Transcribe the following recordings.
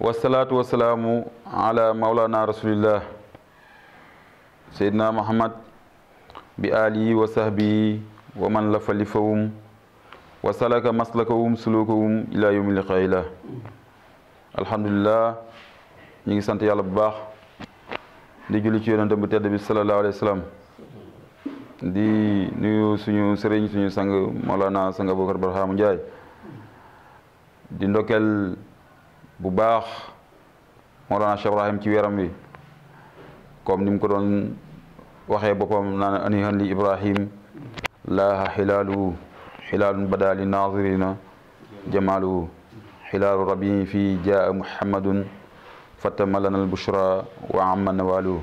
wasalaatu wasalaamu ala maulana rasulillah seydina muhammad bi alihi wa sahbihi man lafa lifawum wa salaka maslakawum sulukawum ila yawmi alhamdulilah ñu ngi sant yàlla bu baax di julli ci yonente bu tedd bi sallallahu alayhi wa nuyu suñu sëriñ suñu sang maulana sang abubakar barhaamu njaay di ndokkeel bu baax Mawlana Cheikh Ibrahim ci weeram wi comme ni mu ko doon waxee boppam naan anihan li Ibrahim laaha xilaaluhu xilaalun bada li naazirina jamaaluhu xilaalu rabii fii jaa muhammadun fatamalana albushra wa amma nawaaluhu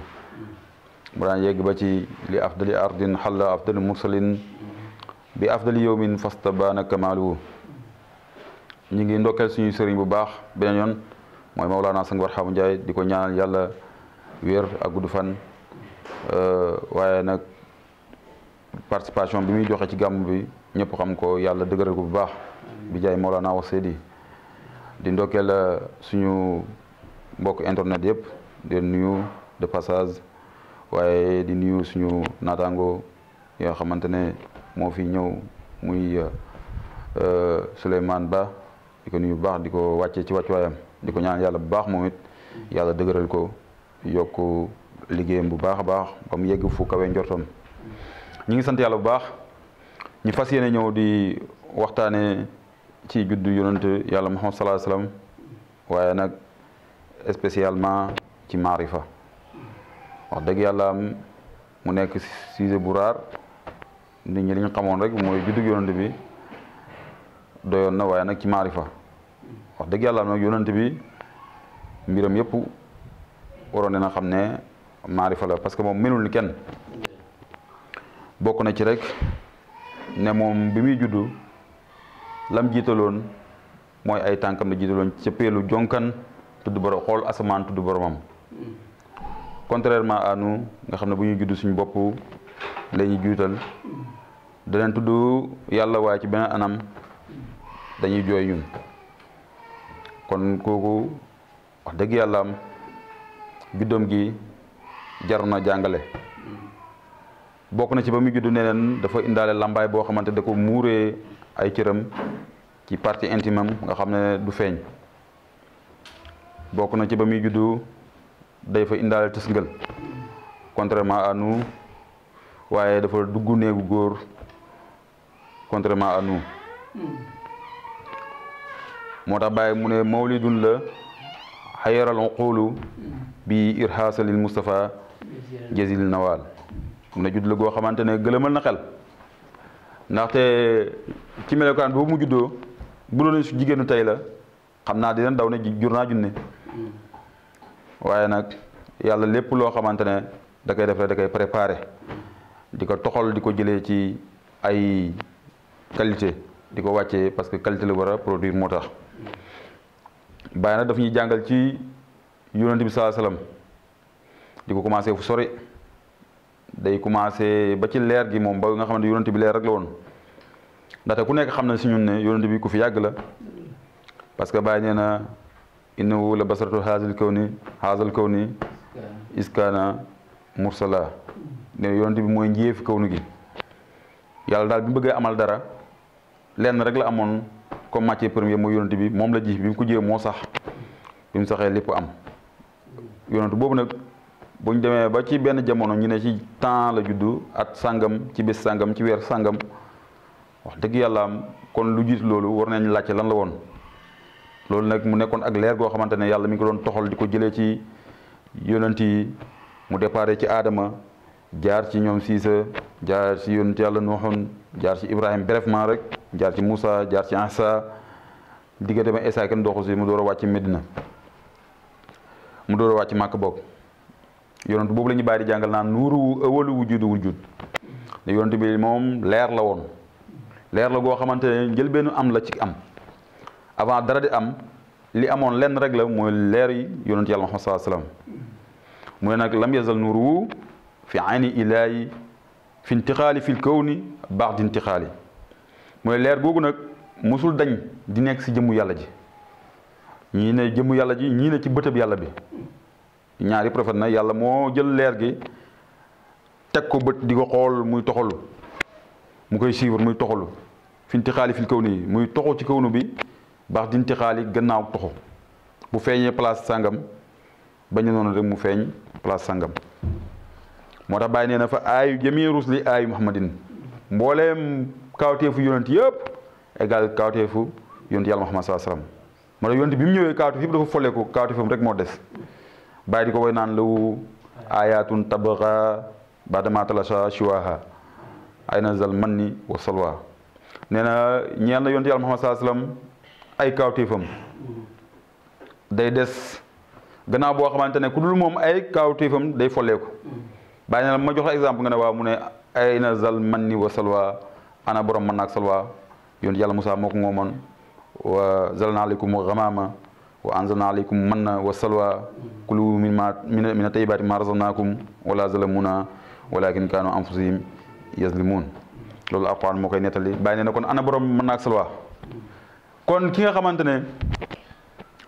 mu daan yegg ba ci li afdali ardin xalla afdali mursalin bi afdali yowmin fastabaana kamaaluhu ñu ngi ndokkeel suñu sëriñ bu baax beneen yoon mooy Maulana Sang Barxamu Njaay di ko ñaanal yàlla wér ak gudd fan euh, waaye nag participation bi muy joxe ci gàmm bi ñëpp xam ko yàlla dëgëral ko bu baax bi jaay Maulana wax seedi di ndokkeel euh, suñu mbokk internet yëpp di nuyu de passage waaye di nuyu suñu naataango yoo xamante ne moo fi ñëw muy euh, Souleymane Ba di ko bu baax di ko wàccee ci wàccuwaayam di ko ñaan yàlla bu baax moom yàlla dëgëral ko yokk liggéeyam bu baax a baax ba mu yegg fu kawe njortam ñu ngi sant yàlla bu baax ñu fas yéene ñëw di waxtaane ci juddu yonent yàlla Muhammad sallallahu alayhi wasallam waaye nag spécialement ci maarifa wax dëgg yàlla mu nekk sujet bu raar nit ñi li ñu xamoon rek mooy juddu yonent bi doyoon na waaye nag ci maarifa wax dëgg yàlla nag yonent bi mbiram yëpp waroon na xam ne maarifa parce que moom melul ni kenn bokk na ci rek ne moom bi muy juddu lam jiitaloon mooy ay tànkam la jiitaloon ca peelu jonkan tudd borom xool asamaan tudd boromam contrairement à nga xam ne bu ñuy judd suñu bopp la ñuy juutal daneen tudd yàlla waaye ci beneen anam dañuy jooy ñun kon kooku wax dëgg yàlla am juddoom gi jar na jàngale bokk na ci ba muy juddu ne dafa indaale làmbaay boo xamante da ko muuree ay cëram ci partie intime am nga xam ne du feeñ bokk na ci ba muy juddu day fa indaale tësngël contrairement à nu waaye dafa dugg néegu góor contrairement à nous hmm. moo tax bàyyi mu ne mawlidun la xayaral uqulu bi irhaasalil Moustapha jazil nawal mu ne judd la goo xamante ne gëlëmal na xel ndaxte ci melokaan boobu mu juddoo bu doon jigéenu tey la xam naa dina daw ne jur naa junne waaye nag yàlla lépp loo xamante ne da koy def rek da koy préparé di ko toxal di ko jëlee ci ay qualité di ko wàccee parce que qualité la war a produire moo tax bàyyi na daf ñuy jàngal ci yonent bi salaa salaam di ko commencé fu sori day commencé ba ci leer gi moom ba nga xam ne yonent bi leer rek la woon ndaxte ku nekk xam na si ñun ne yonent bi ku fi yàgg la parce que bàyyi nee na innahu la basaratu haazal kawni haazal kawni iskaana mursala ne yonent bi mooy njiyeefi kawnu gi yàlla daal bi mu bëggee amal dara lenn rek la amoon comme matière première mooy yonent bi moom la ji bi mu ko jiyee moo sax bi mu saxee lépp am yonent boobu nag buñ demee ba ci benn jamono ñi ne ci temps la juddu at sàngam ci bés sàngam ci weer sàngam wax dëgg yàlla am kon lu jiit loolu war nañ laajte lan la woon loolu nag mu nekkoon ak leer goo xamante ne yàlla mi ngi doon toxal di ko jëlee ci yonent yi mu déparé ci aadama jaar ci ñoom siisa jaar ci yonent yàlla nu waxoon jaar ci ibrahim brefement rek jaar ci Moussa jaar ci Ansa diggante ba Essa kenn doxu si mu door a wàcc Medina mu door a wàcc màkk boog yonent boobu la ñu bàyyi di jàngal naan nuuru awalu wujud wujud ne bi moom leer la woon leer la goo xamante ne njëlbeenu am la ci am avant dara di am li amoon lenn rek la mooy leer yi yonent yàlla Muhammad sallallahu alayhi wasallam mu ne nag lam yazal nuuru fi ayni ilaahi fi intixaali fil kawni baax di intixaali mooy leer googu nag mosul dañ di nekk ci jëmmu yàlla ji ñii ne jëmmu yàlla ji ñii ne ci bëtëb yàlla bi ñaari prophète na yàlla moo jël leer gi teg ko bët di ko xool muy toxalu mu koy suivre muy toxalu finti xaali fil kaw nii muy toxu ci kaw nu bi baax dinti xaali gannaaw toxu bu feeñee place sàngam bañ noonu rek mu feeñ place sàngam moo tax bàyyi nee na fa aayu jamii li aayu muhammadin mbooleem kawteefu yonent yëpp égal kawteefu yontu yàlla Muhammad sallallahu moo tax yontu bi mu ñëwee kawteef yëpp dafa folleeku kawteefam rek moo des bàyyi di ko woy naan lawu ayatun tabra badama talasha shiwaha ayna zal manni wa salwa nee na ñeel na yontu yàlla ay kawteefam day des gannaaw boo xamante ne ku dul moom ay kawteefam day foleeku bàyyi na ma jox exemple nga ne waaw mu ne ayna zal manni wa salwa ana borom man naak salwa yoon yàlla Moussa moo ko moomoon wa zalna aleykum ghamama wa anzalna aleykum manna wa salwa kulu min ma min ma razaqnakum wala zalamuna walakin kanu anfusihim yazlimun loolu alquran moo koy nettali bàyyi nee na kon ana borom mën kon ki nga xamante ne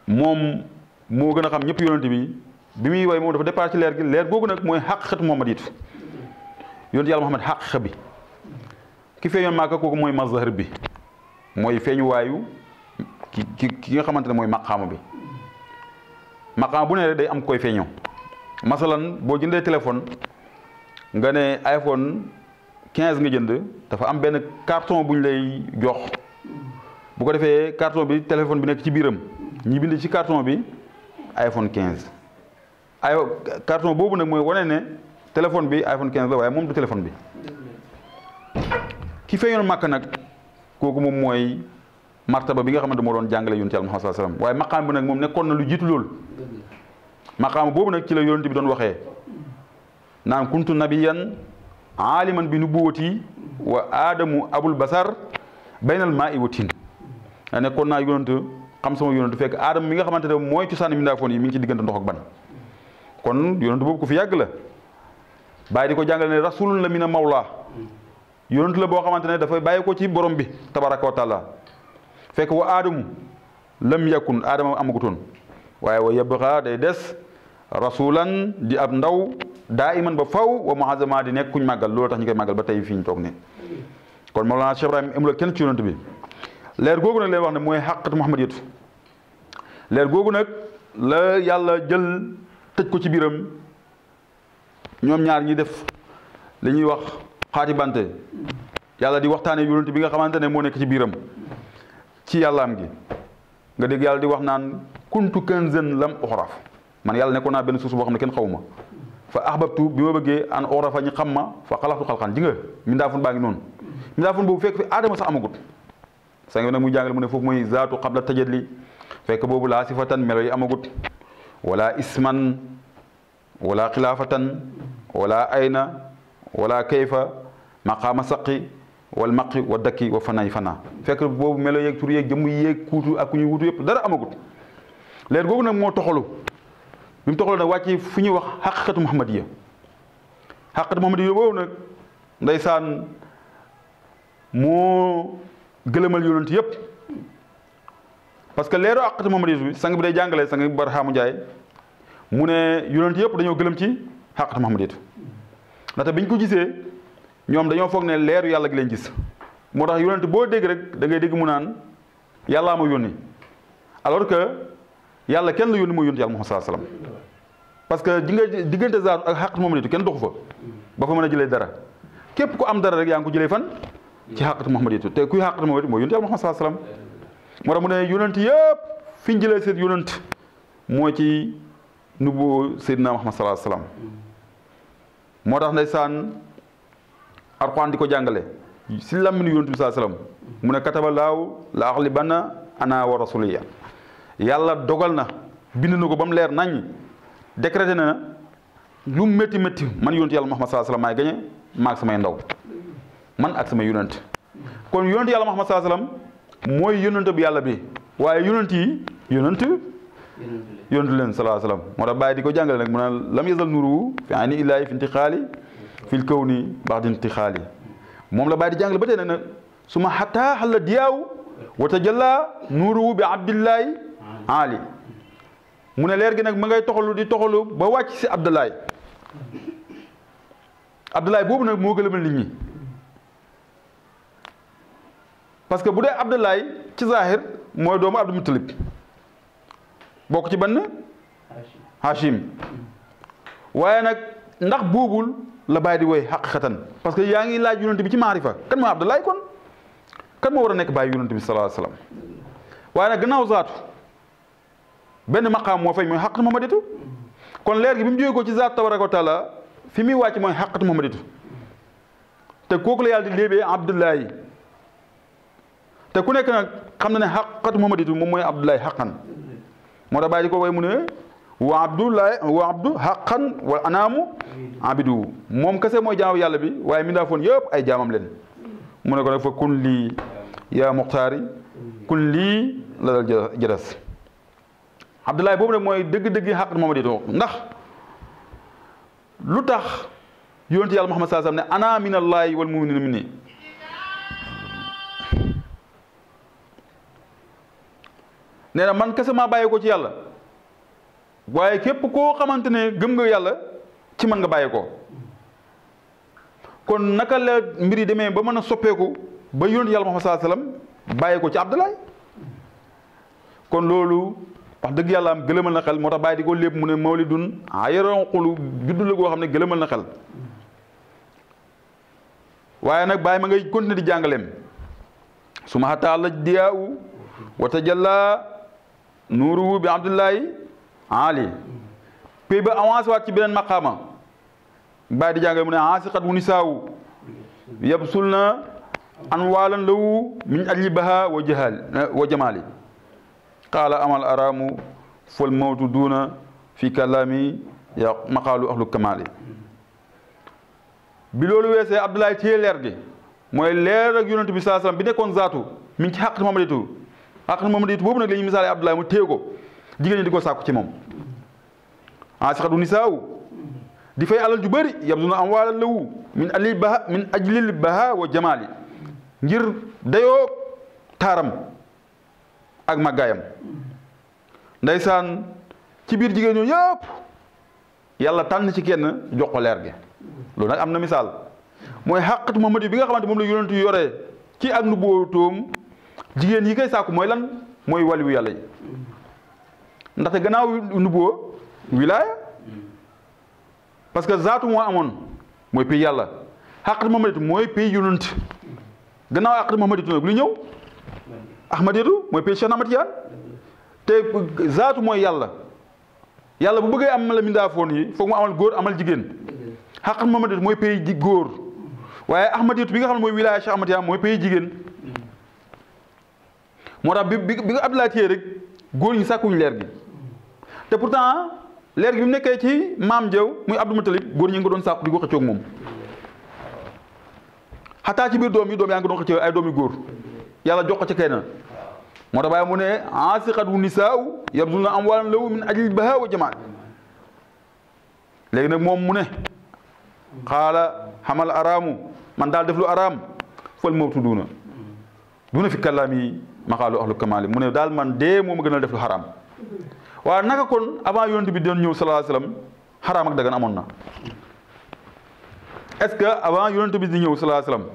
moom moo gën a xam ñëpp yonent bi bi muy woy moom dafa départ ci leer gi leer googu nag mooy Muhammad it yonent yàlla Muhammad xàqiqa bi ki feeñoon Màkka kooku mooy mazhar bi mooy feeñuwaayu ki ki ki nga xamante ne mooy maqaama bi maqaama bu ne rek day am koy feeñoo masalan boo jëndee téléphone nga ne iPhone 15 nga dafa am benn carton bu lay jox bu ko defee carton bi téléphone bi nekk ci biiram ñi bind ci carton bi iPhone 15 ay carton boobu nag mooy wane ne téléphone bi iPhone 15 la waaye moom du téléphone bi ki feeñoon nag. kooku moom mooy martaba bi nga xamante moo doon jàngale yonent Yàlla Muhammad sallallahu alayhi wasallam waaye maqaam bi nag moom nekkoon na lu jiitu loolu maqaam boobu nag ci la yonent bi doon waxee naan kuntu nabiyan aaliman bi nu nubuwati wa aadamu abul basar baynal maa'i wa tiin nekkoon naa yonent xam sama yonent fekk aadama mi nga xamante ne mooy cosaan mi ndaafoon yi mi ngi ci diggante ndox ak ban kon yonent boobu ku fi yàgg la bàyyi di ko jàngale ne rasulun la mina mawla yonent la boo xamante ne dafay bàyyi ko ci borom bi tabaraka wa taala fekk wa aadamu lëm yakun aadama amagutoon waaye wa yabqa day des rasulan di ab ndaw daa iman ba faw wa muhazama di nekkuñ kuñ màggal loolu tax ñu koy màggal ba tey fi ñu toog ni kon Mawlana Cheikh Ibrahim amul kenn ci yonent bi leer googu nag lay wax ne mooy xaqat Muhammad yëtu leer googu nag la yàlla jël tëj ko ci biiram ñoom ñaar ñi def li wax xaati bante yàlla di waxtaane yonent bi nga xamante ne moo nekk ci biiram ci yàlla am gi nga dégg yàlla di wax naan kuntu kanzan lam uxraf man yàlla nekkoon naa benn suuf boo xam ne kenn xawuma fa ahbabtu bi ma bëggee an a ñu xam ma fa xalaxtu xalxan ji nga mindaafun baa ngi noonu mindaafun boobu fekk fi aadama sax amagut sa ngi nag muy jàngale mu ne foofu mooy zaatu xabla tajalli fekk boobu laa sifatan melo yi amagut wala isman wala xilaafatan wala wala kayfa maqaama saqi wal maqi wa dakki wa fanay fana fekk boobu melo yeeg tur yeeg jëmm yeeg kuutu ak ku ñu wutu yëpp dara amagut leer boobu nag moo toxalu bi mu toxalu nag wàcc fu ñuy wax xaqiqatu muhammadiya xaqiqatu muhammadiya boobu nag ndeysaan moo gëlëmal yonent yëpp parce que leeru xaqiqatu muhammadiya bi sang bi day jàngale sang bi Barhaamu Njaay mu ne yonent yëpp dañoo gëlëm ci xaqiqatu muhammadiya ndaxte bi ñu ko gisee ñoom dañoo foog ne leeru yàlla gi leen gis moo tax yonent boo dégg rek da ngay dégg mu naan yàllaa ma yónni alors que yàlla kenn la yónni mooy yónni yàlla Muhammad sallam parce que di nga diggante zaatu ak xaqat moom nitu kenn doxu fa ba fa mën a jëlee dara képp ku am dara rek yaa ngi ko jëlee fan ci xaqat Muhammad itu te kuy xaqat Muhammad mooy yónni yàlla Muhammad sallam moo tax mu ne yónent yëpp fi ñu jëlee seen yónent moo ci nubu Seydina Muhammad sallam moo tax ndeysaan Alxuraan di ko jàngale si làmmiñu yonent saa salaam mu ne kataba laaw la axlibanna ana wa rasuliya yàlla dogal na bind na ko ba mu leer nañ décrété na lu metti métti man yonent yàlla Muhammad saa salaam maay gañe maa ak samay ndaw man ak samay yonent kon yonent yàlla Muhammad saa salaam mooy yonent bi yàlla bi waaye yonent yi yontu leen salaa salaam moo tax bàyyi di ko jàngale nag mu naan lam yasal nuru fi ni illaahi fi intixaali fil kaw ni baax di intixaali moom la bàyyi di jàngale ba tey nag nag su ma xataa xalla wa tajalla nuru bi abdillahi ali mu ne leer gi nag ma ngay toxalu di toxalu ba wàcc si abdullahi abdullahi boobu nag moo gëlëmal nit parce que bu dee abdullahi ci zahir mooy doomu abdul mutalib bokk ci ban Hachim waaye nag ndax buubul la bàyyi di woy xaqiqatan parce que yaa ngi laaj yonent bi ci maarifa kan moo Abdoulaye kon kan moo war a nekk bàyyi yonent bi sallallahu alayhi wasallam waaye nag gannaaw zaatu benn maqaam moo feeñ mooy xaqatu muhammadatu kon leer gi bi mu jógee ko ci zaatu tabaraka wa taala fi muy wàcc mooy xaqatu muhammadatu te kooku la yàlla di léebee Abdoulaye te ku nekk nag xam na ne xaqatu muhammadatu moom mooy Abdoulaye xaqan moo tax bàyyi di ko way mu ne wa abdoulaye wa abdou xaqan wal anaamu abidu moom kese mooy jaamu yàlla bi waaye mi foon yëpp ay jaamam leen mu ne ko nag fa kun lii yaa muxtaari kun lii la dal jëras abdoulaye boobu nag mooy dëgg-dëgg xaq mooma ditoo ndax lu tax yonent yàlla Muhammad sallallahu alayhi wa sallam ne ana minallahi wal muminina minni nee man kese maa bàyyi ko ci yàlla waaye képp koo xamante ne gëm nga yàlla ci man nga bàyyi ko kon naka la mbir yi demee ba mën a soppeeku ba yonent yàlla Muhammad sallallahu alayhi bàyyi ko ci Abdoulaye kon loolu wax dëgg yàlla am gëlëmal na xel moo tax bàyyi di ko lépp mu ne mawlidun ayaron xulu juddu la goo xam ne gëlëmal na xel waaye nag bàyyi ma ngay continuer di jàngaleem su ma xataa la diyaawu wata jàllaa nuuru bi abdullahi ali pay ba avancé waat ci beneen maqaama bàyyi di jàngal mu ne aasiqat wu nisaawu yabsul na anwaalan lawu min ajli baha wa jahal wa jamaali qaala amal araamu fal mawtu duuna fi kalaami ya maqaalu ahlu kamaali bi loolu weesee abdullahi téye leer mooy leer ak bi saa sallam bi zaatu min ci xàq moom la àqal moom it boobu nag la ñuy misaale Abdoulaye mu téye ko jigéen ñi di ko sàkku ci moom asixatu nisaaw di fay alal ju bëri yabduna am waala lawu min ali baha min ajlil baha wa jamaali ngir dayoo taaram ak màggaayam ndeysaan ci biir jigéen ñooñu yëpp yàlla tànn ci kenn jox ko leer gi loolu nag am na misaal mooy xàqatu Muhammad bi nga xamante moom la yonent yoree ci ak nu bootóom jigéen yi koy sàkku mooy lan mooy waliwu yàlla yi ndaxte gannaaw nubuwa wilaaya parce que zaatu moo amoon mooy pays yàlla xaqat mahamaditu mooy pays yonant gannaaw xaqat mahamaditu nag lu ñëw ahmaditu mooy pays Cheikh Ahmad Tijaan te zaatu mooy yàlla yàlla bu bëggee amal mindaafoon yi foog mu amal góor amal jigéen xaqat mahamaditu mooy pays góor waaye ahmaditu bi nga xam ne mooy wilaaya Cheikh Ahmad Tijaan mooy pays jigéen moo tax bi bi nga Abdoulaye téye rek góor ñi sàkkuñ leer gi te pourtant ah, leer gi bi mu nekkee ci maam Jaw muy Abdou Moutalib góor ñi nga doon sàkku di ko xëccoog moom. xataa ci biir doom yi doom yaa ngi doon xëccoo ay doom góor yàlla jox ko ci kenn moo tax bàyyi mu ne ni aasiqatu am yabzulna amwaalan lahu min ajli ba wa jamaa léegi nag moom mu ne xaala xamal araamu man daal def lu araam fal mawtu duuna duuna fi kàllaam yi maxaalu ahlu kamaali mu ne daal man dee moo ma gën a def lu xaraam waaw naka kon avant yonent bi doon ñëw sallallahu dagan amoon na est-ce que avant yonent bi di ñëw sallallahu alayhi wasallam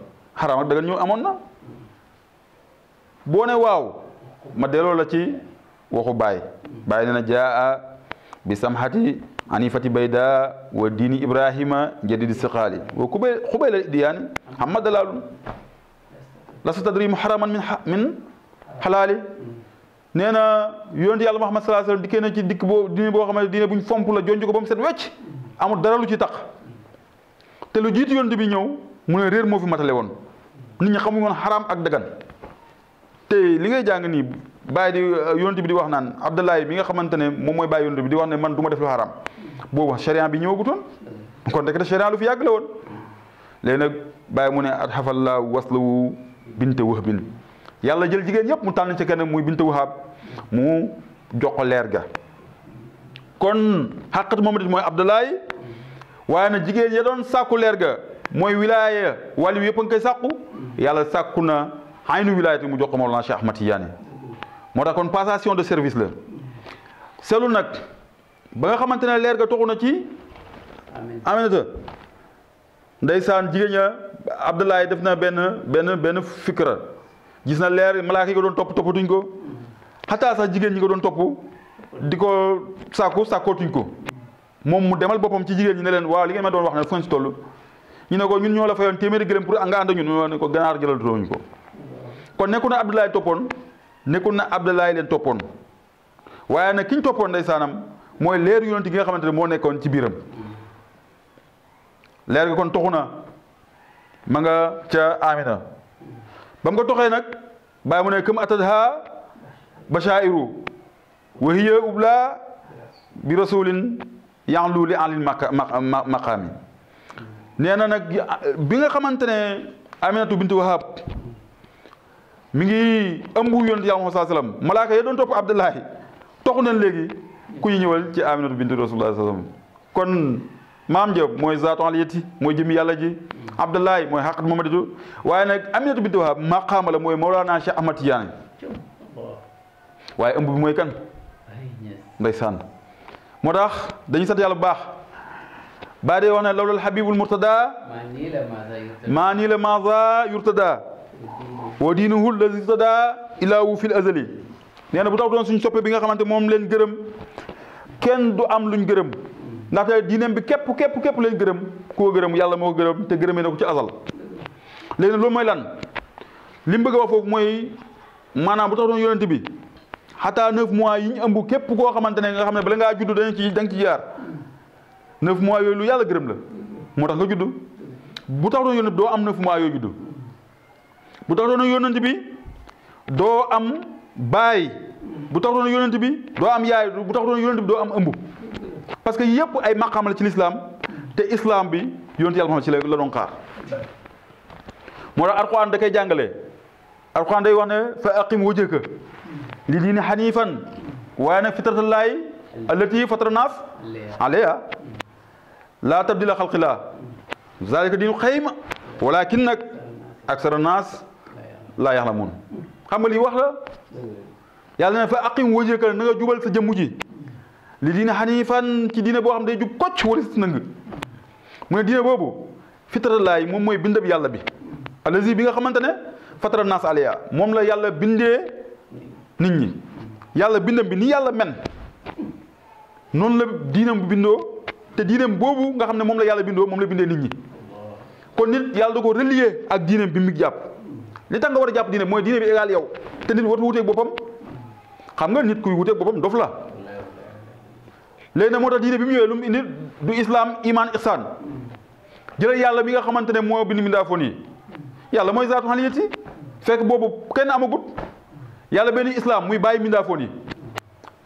xaraam ak dagan ñu amoon na waaw ma delloo la ci waxu baay baay nee na jaa bi samhati anifati bayda wa diini ibrahima jadidi siqaali wa kubay xubay la diyaani hamma dalalun lastu tadri muharaman min min xalaali nee na yonent yàlla Muhammad sallallahu alayhi wasallam dikkee na ci dikk boo diine boo xam ne diine buñ fomp la jonj ko ba mu set wecc amul dara lu ci tax te lu jiitu yonent bi ñëw mu ne réer matale woon nit ñi xamuñu woon xaraam ak dagan te li ngay jàng nii bàyyi di euh, yonent di wax naan Abdoulaye bi nga xamante ne moom mooy bàyyi bi di wax man du ma def lu xaraam boobu sharia bi ñëwagutoon kon rek sharia lu fi yàgg la woon léegi nag bàyyi mu ne at xafallaa waslawu binte wax bin yàlla jël jigéen yëpp mu tànn ci kenn muy bintu Wahab mu jox ko leer ga kon xàqatu moom it mooy Abdoulaye waaye na jigéen ya doon sàkku leer ga mooy wilaaya wàllu yëpp a nga sàkku yàlla sàkku na aynu wilaayati mu jox ko Mawlana Cheikh ma Tidiane moo tax kon passation de service la seetlu nag ba nga xamante ne leer ga toxu na ci. Aminata ndeysaan jigéen ña Abdoulaye def na benn benn benn fikra gis na leer malaaka yi ko doon topp toppatuñ ko xataa sax jigéen ñi ko doon topp di ko sàkku sàkkootuñ ko moom mu demal boppam ci jigéen ñi ne leen waaw li ngeen ma doon wax ne fu ngeen toll ñu ne ko ñun ñoo la fayoon téeméeri gërëm pour nga ànd ñun ñu ne ko ganaar jëlal dooñu ko kon nekku na Abdoulaye toppoon nekku na Abdoulaye leen toppoon waaye nag ki ñu toppoon ndeysaanam mooy leer yonent gi nga xamante ne moo nekkoon ci biiram leer gi kon toxu na ma nga ca Amina ba mu ko toxee nag bàyyi mu ne këm atadha bashairu wa hiya ubla bi rasulin yanlu li anlin maqaami nee na nag bi nga xamante ne aminatu bintu wahab mi ngi ëmb yonent yàlla Muhammad sallam malaaka ya doon topp abdullahi toxu nañ léegi ku ñu ñëwal ci aminatu bintu rasulullah sallam kon maam Diop mooy zaatu aliyati mooy jëmi yàlla ji Abdoulaye mooy xaqat mamadatu waaye nag Aminatu bintu Wahab maqaama la mooy Mawlana Cheikh Ahmad Tidiane waaye ëmb mooy kan ndeysaan moo tax dañuy sant yàlla bu baax baa dee wax ne lawlal habibul murtada maa nii la maza yurtada wa diinuhu lazi irtada ilaahu fil azali nee na bu tax doon suñ soppe bi nga xamante moom leen gërëm kenn du am luñ gërëm ndaxte diineem bi képp képp képp lañ gërëm koo gërëm yàlla moo ko gërëm te gërëmee na ko ci asal léegi loolu mooy lan li mu wax foofu mooy maanaam bu tax doon yonent bi xataa neuf mois yi ñu ëmb képp koo xamante ne nga xam ne bala ngaa judd dañ ci da nga mois yooyu lu yàlla gërëm la moo tax nga judd bu tax doon yonent bi doo am neuf mois yooyu judd bu tax doon yonent bi doo am baay bu tax doon yonent bi doo am yaay bu tax doon yonent bi doo am ëmb parce que yëpp ay maqaam la ci lislaam te islam bi yonent yàlla Muhammad ci la la doon xaar moo tax alquran da koy jàngalee alquran day wax ne fa aqim wajhaka li diini xanifan waaye nag fitratallaahi allati fatara naas alayha laa tabdila xalqillah zalika diinu xayma walakin nag aksara naas laa yaxlamuun xam nga wax la yàlla ne fa aqim wajhaka na a jubal sa jëmm li diina fan ci diina boo xam day jub kocc wala si nëng mu ne diina boobu fitralaay moom mooy bindab yàlla bi alazi bi nga xamante ne fatara naas aliya moom la yàlla bindee nit ñi yàlla bindam bi ni yàlla men noonu la diinam bu bindoo te diinam boobu nga xam ne moom la yàlla bindoo moom la bindee nit ñi kon nit yàlla da ko relier ak diinam bi mu jàpp li tax nga war a jàpp diine mooy diine bi égal yow te nit war wuteeg boppam xam nga nit kuy wuteeg boppam dof la léegi nag moo tax diine bi mu ñëwee lu mu indi du islam iman ihsan jëlee yàlla mi nga xamante ne moo bind mindaafoon yi yàlla mooy zaatu xaliyati fekk boobu kenn amagut yàlla benn islaam muy bàyyi mindaafoon yi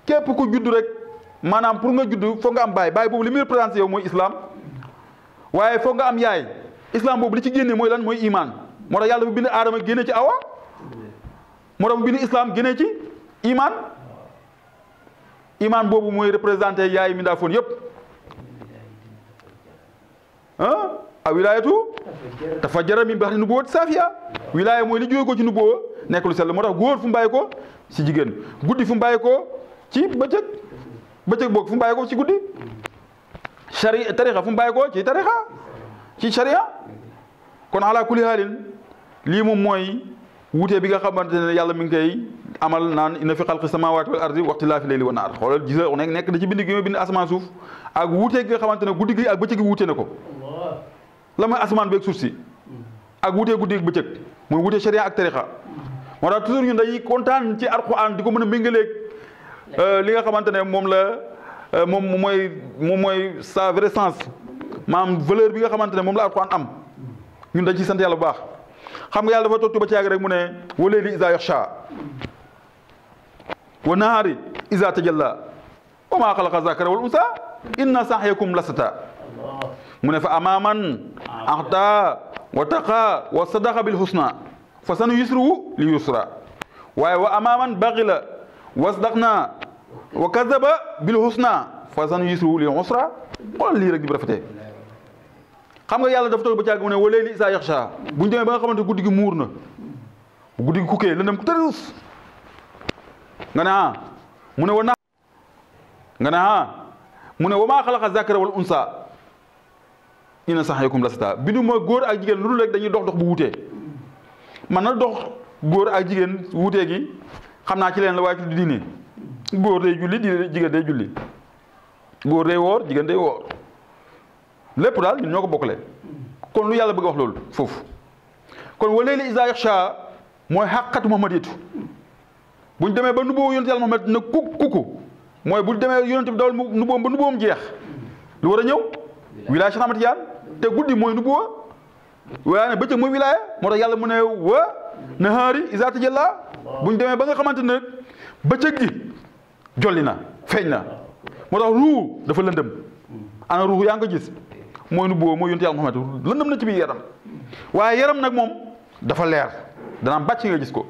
képp ku judd rek maanaam pour nga judd foog nga am baay baay boobu li muy représenté yow mooy islam waaye foog nga am yaay islam boobu li ci génnee mooy lan mooy imaan moo tax yàlla bu bind aadama génne ci awa moo tax mu bind ci iman imaam boobu mooy représenté yaay mi ndaa foon yëpp a wilaayatu dafa jaram mi nu boobu saafiya wilaaya mooy li jóge ko ci nu boobu nekk lu sell moo tax góor fu mu bàyyi ko si jigéen guddi fu mu ko ci bëccëg bëccëg boog fu mu ko ci guddi shari tarixa fu mu ko ci tarixa ci sharia kon ala kulli haalin lii moom mooy wuutee bi nga xamante ne yàlla mi ngi amal naan inna fi xalqi samaawaati wal ardi waxtilaafi layli wa naar xoolal gis nga nekk na ci bind gi ma bind asamaan suuf ak wuutee gi xamante ne guddi gi ak bëccëg gi wuute na ko la mooy asamaan beeg suuf si ak wuutee guddi ak bëccëg mooy wuutee sharia ak tarixa moo tax toujours ñun dañuy kontaan ci alxuraan di ko mën a méngaleeg euh, li nga xamante ne moom la euh, moom mooy moom mooy sa vrai sens maanaam valeur bi nga xamante ne moom la alxuraan am ñun dañ ciy sant yàlla bu baax xam nga yàlla dafa tottu ba ci rek mu ne walayli isa yaxsha wa nahaari isa tajalla wa maa xalaqa zakara wal unsa inna sa'yakum lasata mu ne fa amaman axta wa taqa wa sadaqa bil husna fa sanu yusru li yusra wa amaman baxila wasdaqna wa kazaba bil husna fa sanu yusru li usra xool lii rek di rafetee xam nga yàlla dafa toog ba càgg mu ne wa layli izaa yaxshaa bu ñu demee ba nga xamante guddi gi muur na bu guddi gi kukkee lëndëm ku tërus nga ne ah. mu ne wa naa nga ne ah. mu ne wa maa xalaqa zakara wal unsa inna sa'yakum la shatta bindu ma góor ak jigéen lu dul dañuy dox dox bu wutee man na dox góor ak jigéen wutee gi xam naa ci leen la waaye ci diine góor day julli di jigéen day julli góor day woor jigéen day woor lépp daal ñun ñoo ko bokkale kon lu yàlla bëgg wax loolu foofu kon wala li isa yaxsha mooy xàqatu Muhammad yitu buñ demee ba nuboo yonent yàlla Muhammad na kuk mooy bu demee yonent bi dawal mu nuboom ba nuboom jeex lu war a ñëw wilaaya te guddi mooy nubuwa waaye ne bëccëg mooy wilaaya moo tax yàlla mu ne wa nahaari isa buñ demee ba nga xamante ne bëccëg gi jolli na feeñ na moo tax ruuhu dafa lëndëm ana ruuhu yaa nga gis mooy nu boobu mooy yonent yàlla Muhammad lëndëm na ci biir yaram waaye yaram nag moom dafa leer dana am bàcc nga gis ko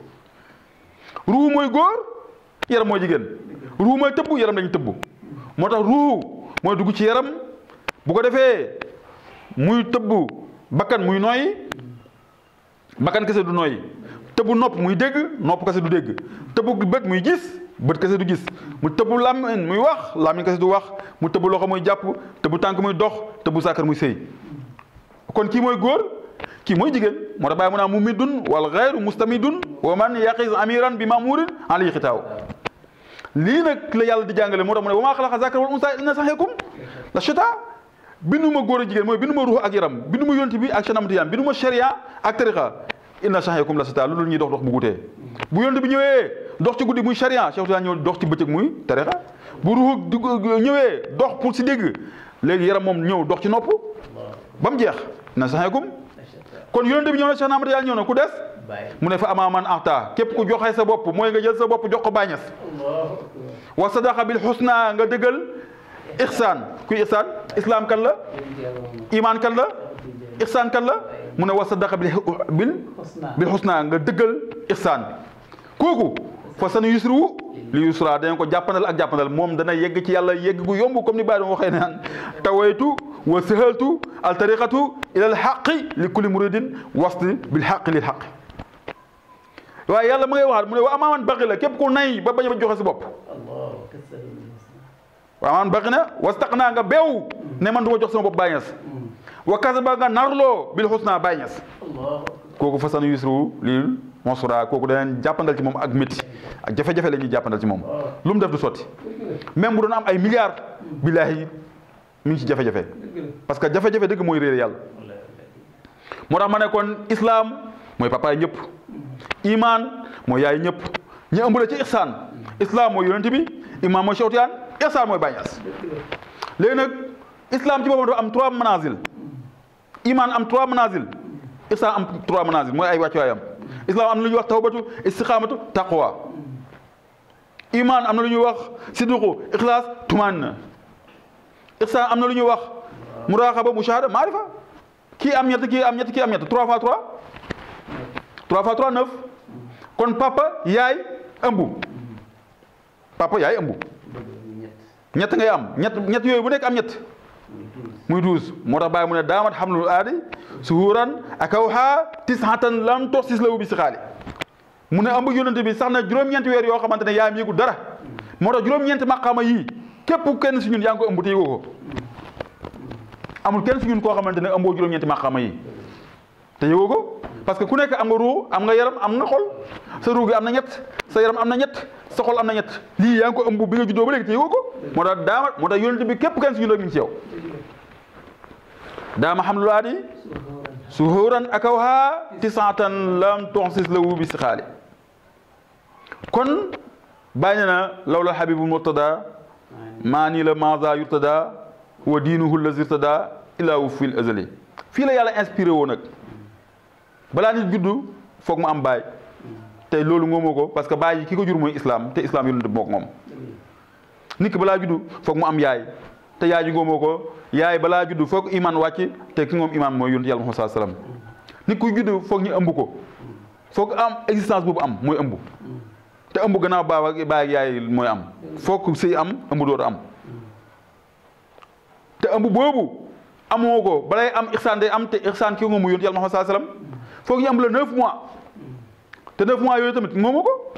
ruu mooy góor yaram mooy jigéen ruu mooy tëbb yaram dañu tëbb moo tax ruu mooy dugg ci yaram bu ko defee muy tëbb bakkan muy nooy bakkan kese du nooy tëbb nopp muy dégg nopp kese du dégg tëbb bët muy gis bët kese du gis mu tëbbu làmmiñ muy wax làmmiñ kese du wax mu tëbbu loxo muy jàpp tëbbu tànk muy dox tëbbu saakar muy sëy kon kii mooy góor kii mooy jigéen moo tax bàyyi mu naan mumidun wal ghayru mustamidun wa man yaqis amiran bi mamurin alayhi xitaaw lii nag la di jàngale moo tax mu ne wa maa xalaqa zakara wal unsa inna saxikum la chata binduma góor ak jigéen mooy binduma ruux ak yaram binduma yonti bi ak chanamati yaam binduma sharia ak tariqa inna saxikum la chata loolu ñuy dox dox bu gutee bu yonti bi ñëwee dox ci guddi muy charia Cheikh Tidiane ñëw dox ci bëccëg muy tarixa bu ruux ñëwee dox pour si dégg léegi yaram moom ñëw dox ci nopp ba mu jeex na saxeekum kon yonente bi ñëw na Cheikh Ahmad ñëw na ku des mu ne fa amaman ahta képp ku joxe sa bopp mooy nga jël sa bopp jox ko bàññes wa sadaqa bil husna nga dëggal ihsaan kuy ihsaan islam kan la iman la ihsaan kan la mu ne wa sadaqa bil bil husna nga dëggal ihsaan kooku fa sanu li yusra dañ ko jàppandal ak jàppandal moom dana yegg ci yàlla yegg gu yomb comme ni bàyyi dama waxee naan tawaytu wa sahaltu al tariqatu ila al li kulli muridin wasli bil xaqi waaye yàlla ma ngay waxaat mu ne wa amaaman baqi la képp ku nay ba bañ a joxe si bopp wa amaaman baqi na wastaqnaa nga beew ne man du jox sama bopp Baay Ñas wa kasaba nga narloo bil xusna Baay Ñas Mansoura kooku daneen jàppandal ci moom ak métti ak jafe-jafe la ñuy jàppandal ci moom lu mu def du sotti même bu doon am ay milliards billaahi mi ngi ci jafe-jafe parce que jafe-jafe dëgg mooy réer yal moo tax ma ne kon islaam mooy papaay ñëpp imaan mooy yaay ñëpp ñu ëmbale ci ihsaan islaam mooy yonent bi imaan mooy sewtiyaan ihsaan mooy bàññaas léegi nag islam ci boppam dafa am trois manazil imaan am trois manazil ihsaan am trois manazil mooy ay wàccuwaayam islam am lu ñuy wax tawbatu istiqaamatu taqwa iman am na lu ñuy wax sidduqu ixlaas tumaan am na lu ñuy wax muraqaba mushahada maarifa kii am ñett kii am ñett kii am ñett trois fois trois trois fois trois neuf kon papa yaay ëmb papa yaay ëmb ñett ngay am ñett ñett yooyu bu nekk am ñett muy douze moo tax baay mu ne daamat xamlul aadi suhuran akawha a lam toxsis lawu bi si xaali mu ne ëmb yonent bi sax na juróom-ñeenti weer yoo xamante ne yaa am dara moo tax juróom-ñeenti maqaama yii képp kenn si ñun yaa ngi ko ëmb te yëgoo ko amul kenn si ñun koo xamante ne ëmboo juróom-ñeenti maqaama yii te yëgoo ko parce que ku nekk am nga ruu am nga yaram am nga xol sa ruu gi am na ñett sa yaram am na ñett soxol am na ñett lii yaa ngi ko ëmb bi nga juddoo ba léegi te yëgoo ko moo tax daama moo tax yonent bi képp kenn si ñu doon mi ngi ci daama xam lu aadi suhuran akaw haa tisaatan lam tonsis la wubi si xaali kon bàyyi na lawla habibul murtada maa nii la maza yurtada wa diinuhu la zirtada ilaa wu fil azali fii la yàlla inspire woo nag balaa nit juddu foog mu am baay te loolu moomoo ko parce que baay ki ko jur mooy islam te islam yonent bi moo ko moom ki balaa juddu foog mu am yaay te yaay ji moomoo ko yaay balaa juddu foog imaan wàcc te ki moom imaan mooy yonent yàlla Muhammad sallam nit ku juddu foog ñu ëmb ko foog am existence boobu am mooy ëmb te ëmb gannaaw baa baay yaay mooy am foog sëy am ëmb dootu am te ëmb boobu amoo ko balay am am te ixsaan ki nga mu yonent yàlla Muhammad foog ñu am le neuf mois te neuf yooyu tamit moomu ko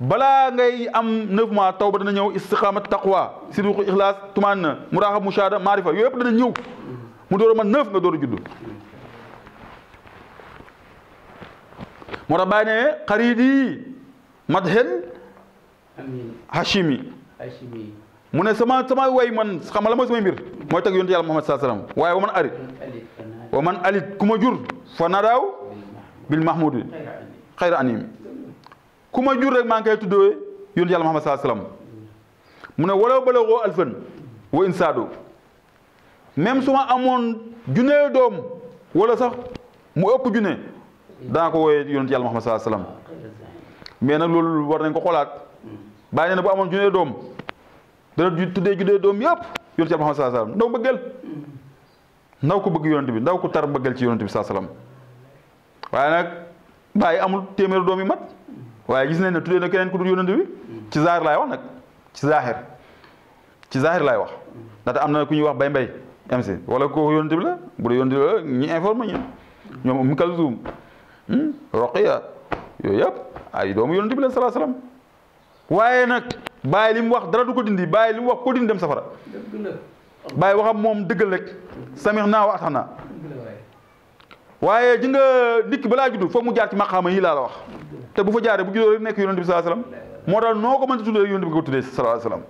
ngay am neuf taw tawba dana ñëw istiqaama taqwa sidqu ixlaas tumaan na mushaada maarifa yooyu yëpp dana ñëw mu door a man nga door a judd moo tax bàyyi ne xarit yi madhen hashimi mu ne sama sama way man xam la mooy samay mbir mooy teg yonte yàlla Muhammad sallallahu waaye wa man arit wa man alit ku jur fa naraaw bil mahmudi xayra anim ku ma jur rek maa ngi koy tuddee yónni yàlla Muhammad sallallahu mu ne walaw balagoo alfan wa insaado même su ma amoon junne doom wala sax mu ëpp junne danaa ko wooyee yónni yàlla Muhammad sallallahu alayhi wa sallam mais nag loolu war nañ ko xoolaat bàyyi na bu amoon junne doom dana tuddee junne doom yëpp yónni yàlla Muhammad sallallahu alayhi wa ndaw bëggeel ndaw ko bëgg yonent bi ndaw ko tar bëggeel ci yonent bi sallallahu alayhi waaye nag baay amul téeméer doom yu mat waaye gis nañ ne tuddee na keneen ku dul yonent bi ci zaahir laay wax nag ci zaahir ci zaahir laay wax ndaxte am na ku ñuy wax bay mbay si wala kooku yonent bi la bu dee yonent bi la ñi ñu ñoom Umm Kalsum hmm, Roqiya yooyu yëpp la salaa salaam waaye nag bàyyi li mu wax dara du ko dindi bàyyi li mu wax ko dindi dem safara bàyyi waxam moom dëggal rek samix naa wa atax naa waaye ji nga nit balaa judd foog mu jaar ci maqaama yi laa la wax te bu fa jaaree bu juddoo rek nekk yonent bi sallallahu alayhi moo tax noo ko mën a tuddee rek bi ko tuddee sallallahu alayhi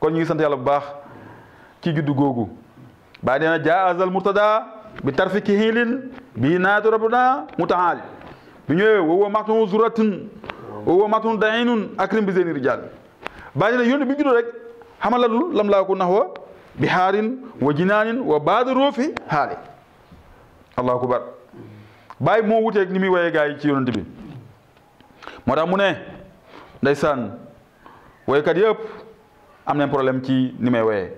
kon ñu ngi sant yàlla bu baax ci juddu googu baa nee na murtada bi tarfi ki hiilin bi naatu rabbuna mutaal bi ñëwee woowa maxtun zuratin woowa maxtun dainun akrim bi zeeni rijal baa nee na yonent bi juddoo rek xamaladul lam laa ko naxwa bi xaarin wa jinaanin wa baada allahu akbar bàyyi moo wuteeg ni muy woyee gaa yi ci yonent bi moo tax mu ne ndeysaan woykat yëpp am na problème ci ni may woyee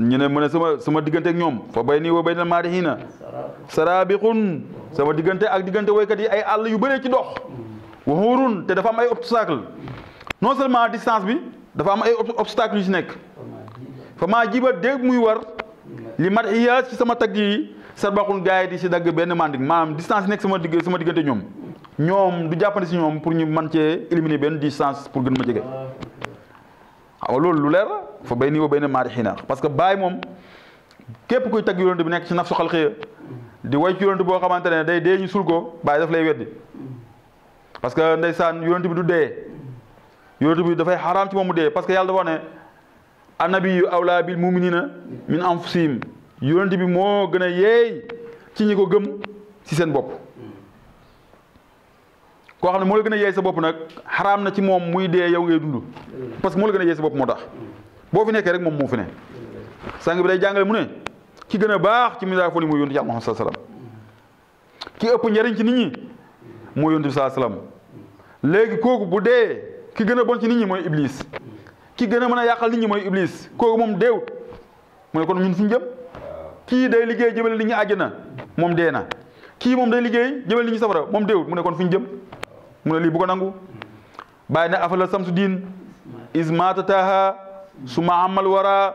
ñu ne mu ne sama sama diggante ak ñoom fa bay nii wa bay na maarihiina sarabixun sama diggante ak diggante waykat yi ay àll yu bëree ci dox waxuurun te dafa am ay obstacle non seulement distance bi dafa am ay obstacle yu ci nekk fa maa jiba dégg muy war li mat ci sama tagg yi sarbaxun gars yi di si dagg benn mandik maanaam distance nekk sama digg sama diggante ñoom ñoom du jàppandi si ñoom pour ñu man cee éliminer benn distance pour gën ma jege waaw loolu lu leer fa bay nii ba bay na maari xina parce que baay moom képp kuy tagg yonent bi nekk ci naf su xalqiya di way ci yonent boo xamante ne day dee ñu sul ko baay daf lay weddi parce que ndeysaan yonent bi du dee yonent bi dafay xaraam ci moom mu dee parce que yàlla dafa ne annabi yu awlaa bil muminina min yonent bi moo gën a yeey ci ñi ko gëm ci seen bopp koo xam ne moo la gën a yeey sa bopp nag xaraam na ci moom muy dee yow ngay dund parce que moo la gën a yeey sa bopp moo tax boo fi nekkee rek moom moo fi ne sang bi day jàngale mu ne ki gën baax ci misaafoon yi mooy yonent ci Muhammad sallallahu alayhi ki ëpp njariñ ci nit ñi mooy yonent bi léegi kooku bu dee ki gën a bon ci nit ñi mooy iblis ki gën a mën a yàqal nit ñi mooy iblis kooku moom deewut mooy kon ñun fu ñu jëm kii day liggéey jëmale nit ñi àjjana moom dee na kii moom day liggéey jëmale nit ñi safara moom deewut mu ne kon fu ñu jëm mu lii bu ko nangu bàyyi na afala samsu diin ismatataha suma amal wara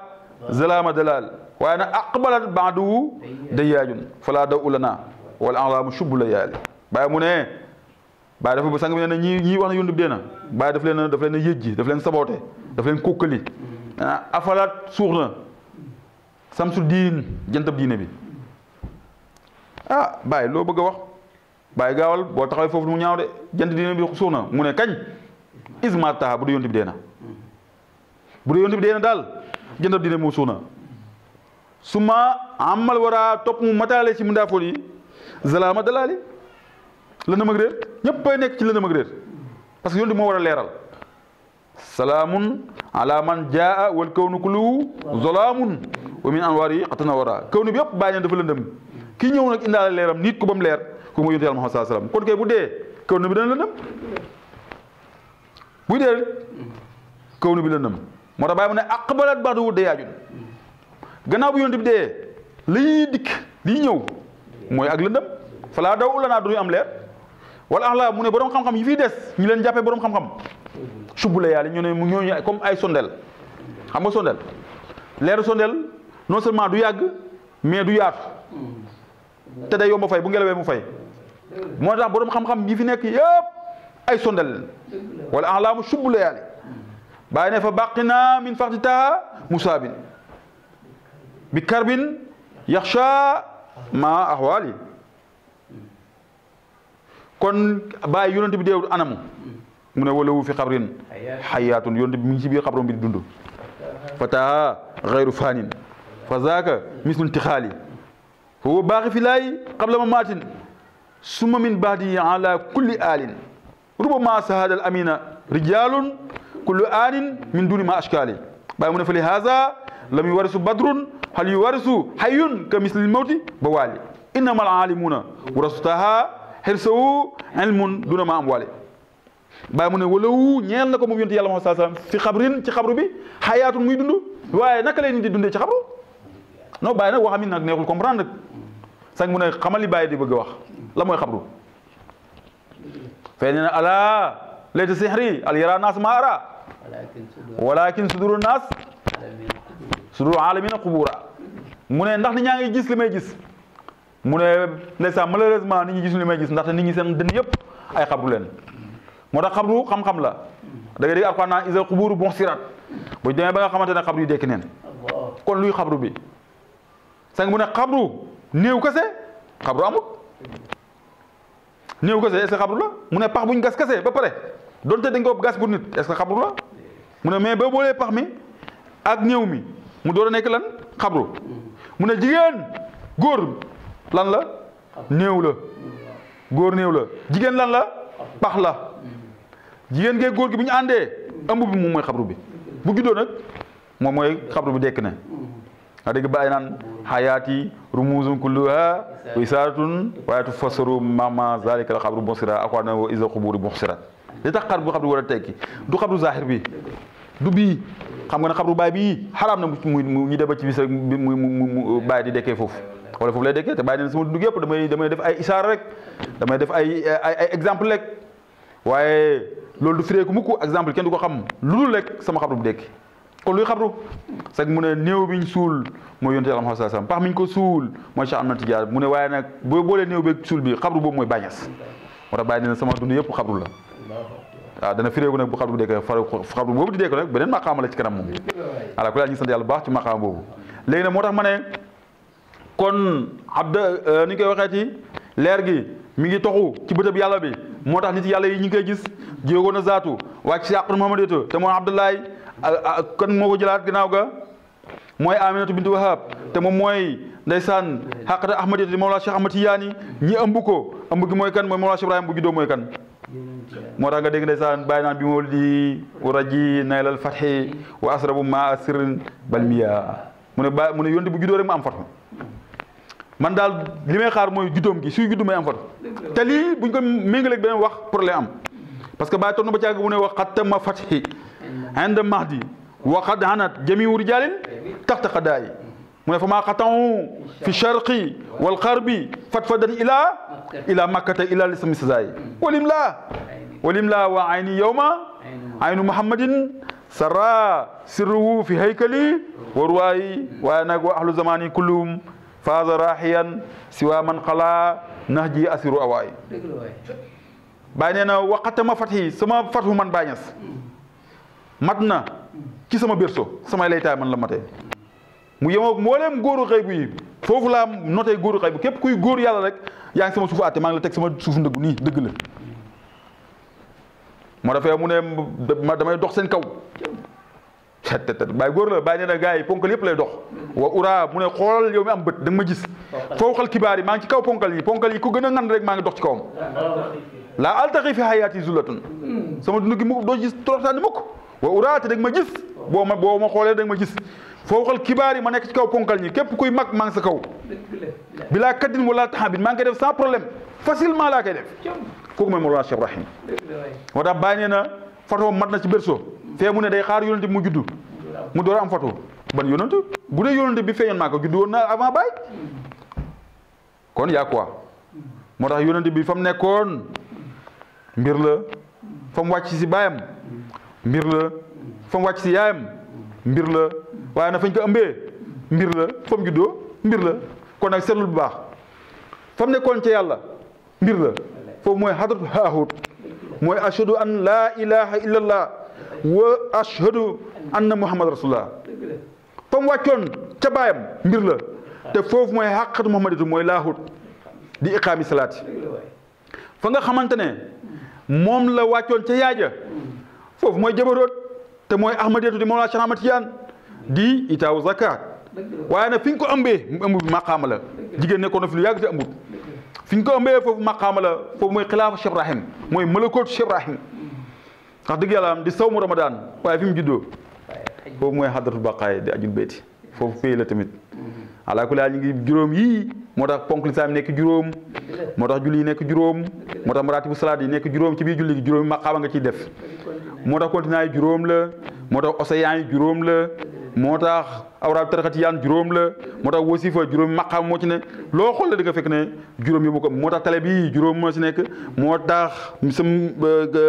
zalama dalal waaye nag aqbalat baaduhu day yaajun fala daw ulana wala alamu shubbu la yaali bàyyi mu ne bàyyi dafa sang bi ñi ñii wax na yundub dee na bàyyi daf leen daf leen yëjji daf leen saboote daf leen kókkali ah, afalat suux samsul diin jëntab diine bi ah bàyyi loo bëgg a wax bàyyi gaawal boo taxawee foofu mu ñaaw de jënt diine bi suux na mu ne kañ isma taha bu na bu dee yonte bi dee na daal jëntab diine mu suux na su ma amal war a topp mu mataale ci mu ndaa fool yi zalaama dalaali lëndëm ak ñëpp bay nekk ci lëndëm ak réer parce que yonte bi moo war a leeral salaamun ala man jaa wal kawnu kulluhu zolaamun wa min anwaar xatana wara kawnu bi yëpp baa na dafa lëndëm ki ñëw nag indaale leeram nit ko bam mu leer ko mooy yonent bu dee bi dana lëndëm buy dee kawnu bi lëndëm moo tax bàyyi mu ne aqbalat ba'du dayaajun gannaaw bu yonent bi dee li ñuy dikk li ñëw mooy ak lëndëm falaa daw lanaa du am leer wala axlaa mu ne borom xam-xam yi fiy des ñi leen jàppee borom xam-xam subb la yàlla ñu ne mu ñooñu comme ay sondel xam nga sondel leeru sondel non seulement du yàgg mais du yaatu te day yomb fay bu ngelawee mu fay moo tax boroom xam-xam yi fi nekk yëpp ay sondel leen wala alaamu subb la yàlla bàyyi ne fa baqina min faxti taha musaabin bi karbin yaxsha ma ahwaali kon bàyyi yonent bi deewul anamu mu ne wala wu fi xabrin xayaatun yonte bi mu ngi ci biir xabrom bi di dund fataa xayru faanin fa zaaka mislun tixaali fa huwa baaxi fi laay qabla ma maatin summa min baadi ala kulli aalin rubama sahada al amina rijalun kullu aanin min duni ma ashkaali bàyyi mu ne fa li haza lam yuwarisu badrun hal yuwarisu hayyun ka misli mawti ba waali innama al aalimuuna warasutaha xirsawu ilmun duna ma am waale bàyyi mu ne walawu ñeel na ko moom yonent yàlla Muhammad sallallahu alayhi wasallam fi xabrin ci xabru bi xayaatun muy dund waaye naka la nit di dundee ci xabru non bàyyi nag waxam it nag neexul comprendre nag sànq mu ne xamal baay bàyyi di bëgg wax la mooy xabru fee nee na ala layti sihri al yara naas ma ara walakin suduru naas suduru alamina qubura mu ne ndax nit ñaa ngi gis li may gis mu ne ndeysaan malheureusement nit ñi gis li may gis ndaxte nit ñi seen dënn yëpp ay xabru leen moo tax xabru xam-xam la da ngay dégg alquran naan isa xuburu bon sirat bu demee ba nga xamante ne xabru yi dekki nen kon luy xabru bi sang mu ne xabru néew kase xabru amut néew kese est ce xabru la mu ne pax buñ gas kese ba pare donte dañ ko gas pour nit est ce que xabru mu ne mais ba boolee pax mi ak néew mi mu door a nekk lan xabru mu ne jigéen góor lan la néew la góor néew la jigéen lan la pax la jigéen ngee góor gi bu ñu àndee ëmb bi moom mooy xabru bi bu juddoo nag moom mooy xabru bi dekk na nga bàyyi naan xayaati rumuzun kulluha wa isaratun waaye tu fasaru mama zalika al xabru bonsira akwaana wa isa xuburi bonsira li tax xar bu xabru war a tekki du xabru zahir bi du bii xam nga ne xabru bii xaraam na mu ñu dem ci bis rek mu mu bàyyi di dekkee foofu wala foofu lay dekkee te bàyyi na sama dund yëpp damay damay def ay isaar rek damay def ay ay exemple rek waaye loolu du fireeku mukk exemple kenn du ko xam lu dul rek sama xabru bu dekki kon luy xabru sag mu ne néew bi ñu suul mooy yoon yàlla Muhammad sallallahu alayhi wasallam pax mi ñu ko suul mooy Cheikh Ahmed mu ne waaye nag boo boolee néew beeg suul bi xabru boobu mooy bàññas moo tax bàyyi dina sama dund yëpp xabru la waaw dana fireeku nag bu xabru bu dekkee fa xabru boobu di dekkee nag beneen maqaama la ci kanam moom voilà ku laal ñu sant yàlla bu baax ci maqaama boobu léegi nag moo ma ne kon abda euh, ni ñu koy waxeeti leer gi mi ngi toxu ci bëtëb yàlla bi moo tax nit yàlla yi ñu ngi koy gis jéegoon a zaatu wàcc si àqun Muhammad yoto te moom Abdoulaye kan moo ko jëlaat ga mooy Aminatu bintu Wahab te moom mooy ndeysaan xaqata Ahmad yoto di Mawlaa Cheikh Ahmad Tiyaani ñi ëmb ko ëmb gi mooy kan mooy Mawlaa Cheikh Ibrahima bu juddoo kan moo tax nga dégg ndeysaan bàyyi naan bi ma walidi naylal fatxi wa asrabu ma asrin balmiya mu ne ba mu ne yonte rek ma am fatxu man daal li may xaar mooy juddoom gi suy juddu may am vote te lii buñ ko méngaleeg beneen wax problème am parce que bàyyi toog na ba càgg bu ne wax xatta ma fatxi inde mahdi wa xad hanat jamiu rijalin taxta xadaa yi mu ne fa maa xatawu fi sharqi wal xarbi fat fadat ilaa ilaa makkata ilaa lisami sasayi walim laa walim laa waa ayni yowma aynu muhammadin sara sirruhu fi haykali wa ruwaayi waaye nag wa ahlu zamani kulluhum faasa raaxiyan siwaa man xalaa nax ji asiru awaay bàyyi nee na ma fat yi sama fatu man bàññes mat na ci sama berso samay laytaay man la matee mu yemoo mbooleem góoru xëy bu yi foofu laa notee góoru xëy képp kuy góor yàlla rek yaa ngi sama suufu àtte maa ngi la teg sama suufu ndëggu nii dëgg la moo defee mu ne damay dox seen kaw tt bàyyi góor la bàyyi nee na gars ponkal yëpp lay dox wa ura mu ne xoolal yow mi am ma gis foo xal kibaar yi maa ngi ci kaw ponkal yi ponkal yi ku gën a ngan rek maa ngi dox ci kawam la altaxi fi hayaati sama dund gi mukk gis toroxtaani mukk wa ura te da ma gis boo ma boo ma xoolee da ma gis foo xal kibaar yi ma nekk ci kaw ponkal ñi képp kuy mag maa ngi sa kaw bilaa kaddin wala taxabin maa ngi koy def sans problème facilement laa koy def kooku mooy Mawlana Cheikh Ibrahim moo tax bàyyi nee na fatoo mat na ci berceau fee mu ne day xaar yonent mu juddu mu door am foto ban yonent bu dee yonent bi feeñoon maa juddu woon naa avant baay kon yaa moo tax yonent bi fa mu nekkoon mbir la fa wàcc si baayam mbir la fa si yaayam mbir la waaye na fañ ko ëmbee mbir juddoo mbir kon nag seetlul bu baax fa nekkoon ca yàlla mbir foofu mooy xadratu haahut mooy ashadu an laa ilaha illallah wa ashhadu anna muhammad rasulullah fa mu wàccoon ca baayam mbir la te foofu mooy xàqatu muhammaditu mooy laahut di iqaami salaati fa nga xamante ne moom la wàccoon ca yaaja foofu mooy jabaroot te mooy ahmadiyatu di mawlaa Cheikh Ahmad Tijaan di itaawu zakat waaye nag fi nga ko ëmbee ëmb bi maqaama la jigéen nekkoon na fi lu yàgg te ëmbut fi nga ko ëmbee foofu maqaama la foofu mooy xilaafa Cheikh Ibrahim mooy malakoot Cheikh Ibrahim wax dëgg yàlla am di sawmu Ramadan waaye fi mu juddoo boobu mooy xadratul baqaay di ajul beyti foofu fii la tamit alaa kulli ñu ngi juróom yii moo tax ponk lislaam nekk juróom moo tax julli yi nekk juróom moo tax maraatibu salaat yi nekk juróom ci biir julli juróom juróomi maqaama nga ciy def moo tax continent yi juróom la moo tax océan yi juróom la moo tax awraab tarixati yaan juróom la moo tax wasifa juróom maqaam moo ci ne loo xool la di nga fekk ne juróom yi bokk moo tax télé bi juróom moo ci nekk moo tax sam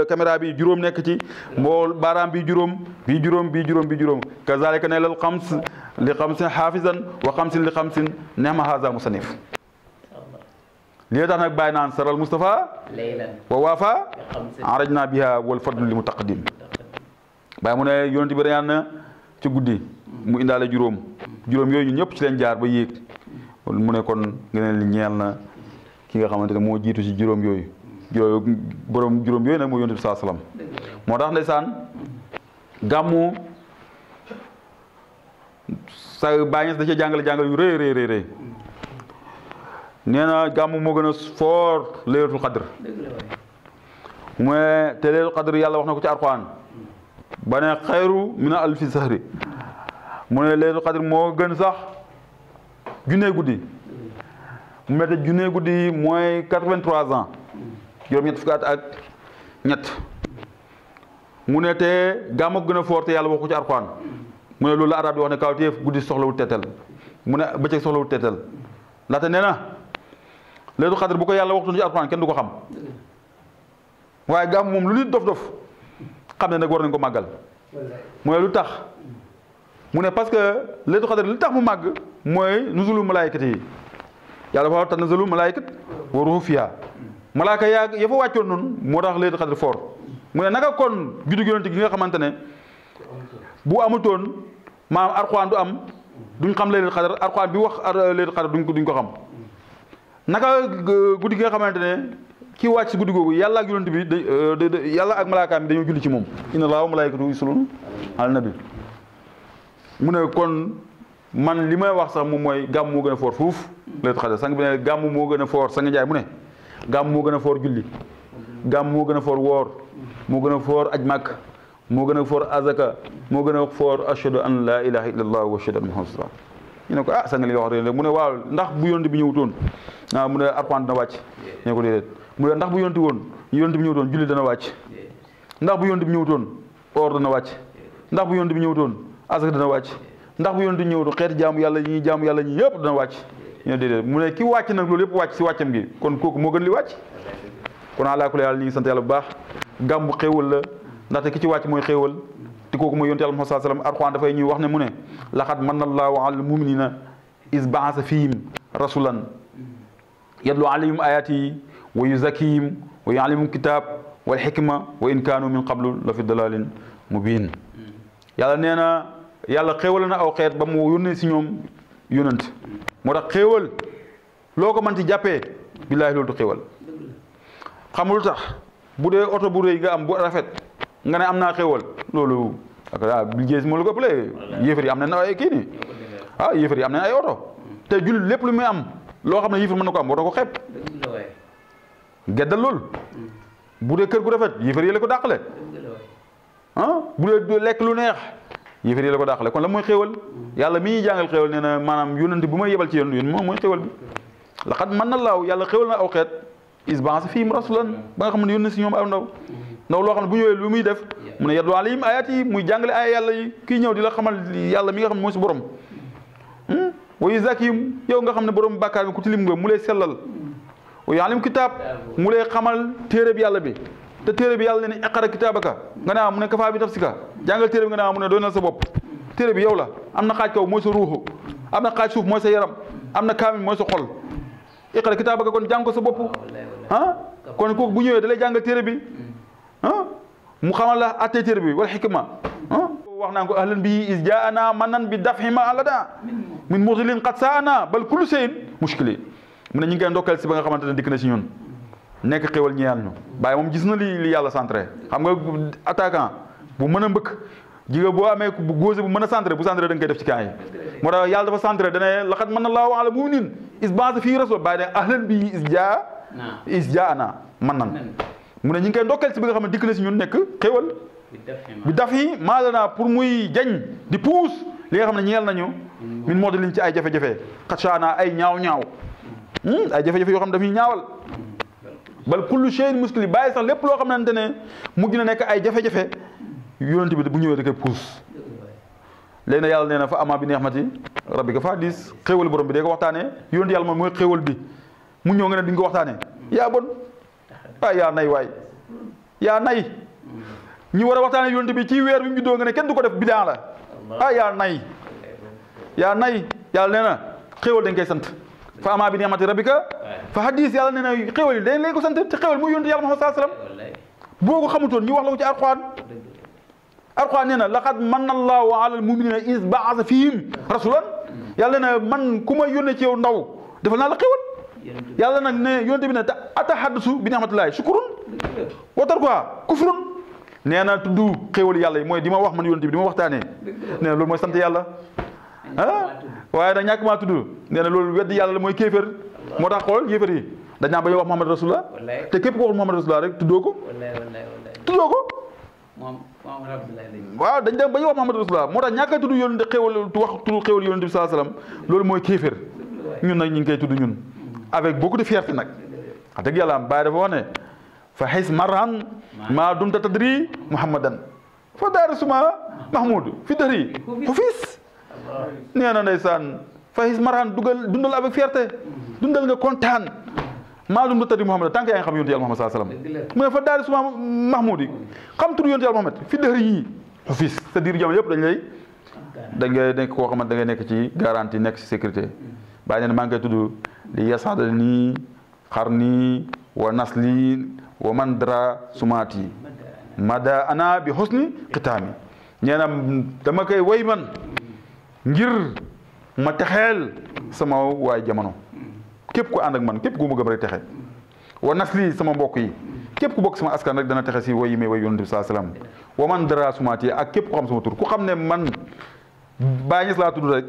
caméra bi juróom nekk ci moo baaraam bi juróom bi juróom bi juróom bi juróom kazalika ne lal xams li xamsin xaafisan wa xamsin li xamsin neex ma haza li tax nag bàyyi naan saral Moustapha. laylan wa waafa. araj naa biha wal li mu taqdim bàyyi mu ne yonent bi rañaan na ci guddi. mu indaale juróom. juróom yooyu ñun ñëpp ci leen jaar ba yéeg. mu ne kon ngeen ñeel na ki nga xamante ne moo jiitu ci juróom yooyu. juróom borom juróom yooyu nag moo yonent bi moo tax ndeysaan gàmmu sa bàyyi da cee jàngale jàngale yu rëy rëy rëy. nee na gàmm moo gën a foor laylatul xadr mu ne te laylatul xadr yàlla wax na ko ci alxuraan ba ne xayru min alfi sahri mu ne laylatul xadr moo gën sax junne guddi mu ne te junnee guddi mooy quatre-vingt-trois ans juróom-ñett fukki ak ñett mu ne te gàmm gën a foor te yàlla wax ko ci alxuraan mu ne lu la arab yi wax ne kawtéef guddi soxlawul teetal mu ne bëccëg soxlawul teetal ndaxte nee na leetu xadar bu ko yàlla waxtu ci alxuraan kenn du ko xam waaye gàmm moom lu nit dof-dof xam ne nag war nañ ko màggal mu lu tax mu ne parce que leetu xadar lu tax mu màgg mooy nuzulu malaaykat yi yàlla dafa tan nuzulu malaaykat wa ruhu fiha malaaka yaa ya wàccoon noonu moo tax leetu xadar fort mu ne naka kon juddu yonent gi nga xamante ne bu amutoon maanaam alxuraan du am duñ xam leetu xadar alxuraan bi wax leetu xadar ko duñ ko xam naka guddi gi nga xamante ne kii wàcc si guddi googu yàlla ak yonent bi euh, yàlla ak malaakaam bi dañoo julli ci moom inna laaha wa malaa'ikatahu yusalluuna ala nabi mu ne kon man li may wax sax moom mooy gàmm moo gën a foor fuuf laylatul qadr sang bi ne gàmm moo gën a foor sang njaay mu ne gàmm moo gën a foor julli gàmm moo gën a foor woor moo gën a foor aj màkk moo gën a foor azaka moo gën a foor ashhadu an laa ilaaha illallah wa ashhadu anna ñu ne ko ah sang li nga wax de mu ne waaw ndax bu yonent bi ñëwutoon ah mu ne arpente na wàcc ñu ne ko déedéet mu ne ndax bu yonent woon yonent bi ñëwutoon dana wàcc ndax bu yonent bi ñëwutoon or dana wàcc ndax bu yonent bi ñëwutoon asaka dana wàcc ndax bu yonent bi ñëwutoon xeeti jaamu yàlla ñi jaamu yàlla ñi yëpp dana wàcc ñu mu ne ki wàcc nag loolu yëpp wàcc si wàccam gi kon kooku moo gën li wàcc kon alaa kulli yàlla ñu ngi sant yàlla bu baax gàmmu xewal la ndaxte ki ci wàcc mooy xéewal te kooku mooy yonent Yàlla Muhammad sallallahu alayhi wasallam Alxuraan dafay ñuy wax ne mu ne laqad man Allahu alal mu'minina iz ba'asa fihim rasulan yatlu alayhim ayaatihi wa yuzakkihim wa yu'allimuhum kitaab wal xikma wa in kaanu min qablu la fi dalalin mubin yàlla nee na yàlla xéewal na aw xeet ba mu yónnee si ñoom yónnant moo tax xéewal loo ko mën ci jàppee billaahi loolu du xéewal xamul tax bu dee oto bu rëy nga am bu rafet nga ne am naa xéewal loolu ah Bill Gates la ko ëppalee yéefar yi am nañ ay kii nii ah yéefar yi am nañ ay oto mm. te jullit lépp lu muy am loo xam ne yéefar mën na ko am waroo ko xeeb geddal lool mm. bu dee kër gu rafet yéefar yi la ko dàqale ah bu dee lekk lu neex yéefar yi la ko dàqale kon la mooy xéewal mm. yàlla mi ñuy jàngal xéewal nee na maanaam yónnante bu may yebal ci yéen yéen moom mooy xéewal bi laxat mën na laaw yàlla xéewal na aw xeet isbance fii mu rasulan ba nga xam ne yónni si ñoom aw ndaw ndax loo xam ne bu ñëwee lu muy def mu ne yaddu alayhim ayat yi muy jàngale ay yàlla yi kii ñëw di la xamal yàlla mi nga xam ne mooy si borom hmm? wa yuzakkihim yow nga xam ne borom bàkkaar bi ku tilim nga mu lay sellal wa yaalim kitaab mu lay xamal téere bi yàlla bi te téere bi yàlla ne ni iqra kitaabaka nga ne ah, mu ne kafaa bi tafsika jàngal téere bi nga ne ah, mu ne na sa bopp téere bi yow la am na xaaj kaw mooy sa ruuxu am na xaaj suuf mooy sa yaram am na kaamil mooy sa xol iqra kitaabaka kon jàng ko sa bopp oh, ah? kon kooku bu ñëwee da lay téere bi mu xamal la atteetéer bi wala xikma wax naan ko ahlan bi is jaana manan bi daf xima alada min murtilin qad saana bal kullu seyin mushkili mu ne ñu ngi koy ndokkal si ba nga xamante ne dikk na si ñun nekk xéwal ñeyal ñu bàyyi moom gis na li li yàlla centré xam nga attaquant bu mën a mbëkk jiga boo amee bu góose bu mën a centré bu centré da nga koy def ci kaa yi moo tax yàlla dafa dane laxat mën na laa wax la muminin is base fii rasul bàyyi ne ahlan bi is jaana manan mu ne ñu ngi koy dokkeel si bi xam ne dikk na si ñun nekk xéwal bi daf yi maalanaa pour muy jañ di puus li nga xam ne ñeel nañu mm. min moo di liñ ci ay jafe-jafe xacaanaa ay ñaaw-ñaaw mm. Mm, ay jafe-jafe yoo xam ne daf ñuy ñaawal bal kullu shay'in muskil bàyyi sax lépp loo xamante ne mu gën a nekk ay jafe-jafe yonent bu ñëwee da koy puus léegi nag yàlla nee na fa amaa bi neexmati rabbi ka faa diis xéwal borom bi dee ko waxtaanee yonent yàlla moom mooy xéwal bi mu ñëw nga ne duñ ko waxtaanee yaa bon ah yaa nay waay yaa nay ñu war a waxtaane yonent bi ci weer bi mu juddoo nga ne kenn du ko def bidaa la ah yaa nay yaa na xéwal dañ sant bi ni'mati rabbika fa hadis yàlla nee na xéwal yi sant te xéwal muy yonent yàlla Muhammad sallallahu alayhi wasallam boo ko xamutoon ñu wax la ko ci Alxuraan Alxuraan nee na laqad manna Allahu alal mu'minina a ba'atha fihim rasulan yàlla nee na man ku ma yónnee ci yow ndaw defal naa la xéwal yàlla nag ne yonte bi ne atahaddasu bi ni'matillahi shukrun watar quoi kufrun nee na tudd xéwal yàlla yi mooy di ma wax man yonte bi di ma waxtaanee nee na loolu mooy sant yàlla ah waaye nag ñàkk maa tudd nee na loolu weddi yàlla mooy kéefér moo tax xool yéefér yi dañ naa ba ñu wax Muhammad Rasulullah te képp ko wax Muhammad Rasulullah rek tuddoo ko tuddoo ko waaw dañ dem ba ñu wax Muhammad moo tax ñàkk a tudd yonente xéwal wax tudd xéwal yonente bi sallallahu loolu mooy kéefér ñun nag ñu ngi koy tudd ñun avec boo de fierté nag wax dëgg yàlla am bàyyi dafa wax ne fa xis marhan maa dumta tadri muhammadan fa daari suma mahmoud fi dari xufis na ndeysaan fa xis marhan dugal dundal avec fierté dundal nga kontaan maa dumta tadri muhammadan tant que yaa ngi xam yontu yàlla muhammad sallam mu ne fa daari suma mahmoud yi xam tur yontu yàlla muhammad fi dari yi xufis cest à yëpp dañ lay dañ nekk koo xamante da ngay nekk ci garantie nekk ci sécurité bàyyi neen maa ngi koy tudd li yasaada nii xar nii wa nasli wa mandra sumaati mada ana bi husni xitaami nee na dama koy woy man ngir ma texeel sama waay jamono képp ku ànd ak man képp ku ma gëm rek texe wa nasli sama mbokk yi képp ku bokk sama askan rek dana texe si woy yi may woy yonent bi saa salaam wa man dara sumaati ak képp ku xam sama tur ku xam ne man bàyyi gis laa tudd rek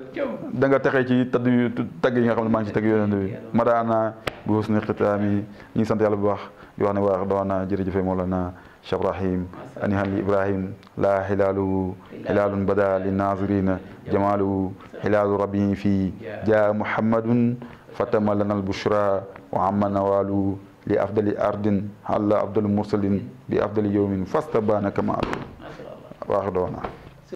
da nga texee ci tadd yu tagg yi nga xam ne maa ngi ci tagg yonent bi madaana bu husni xitaam yi ñu ngi sant yàlla bu baax di wax ne waax dawana jërëjëfe moolana cheikh ibrahim anihali ibrahim laa xilaaluhu xilaalun bada li naazirina jamaaluhu xilaalu rabbi fii jaa muhammadun fatama lana albushra wa amma nawaalu li afdali ardin alla afdal mursalin bi afdali yowmin fasta baana kamaalu waax dawana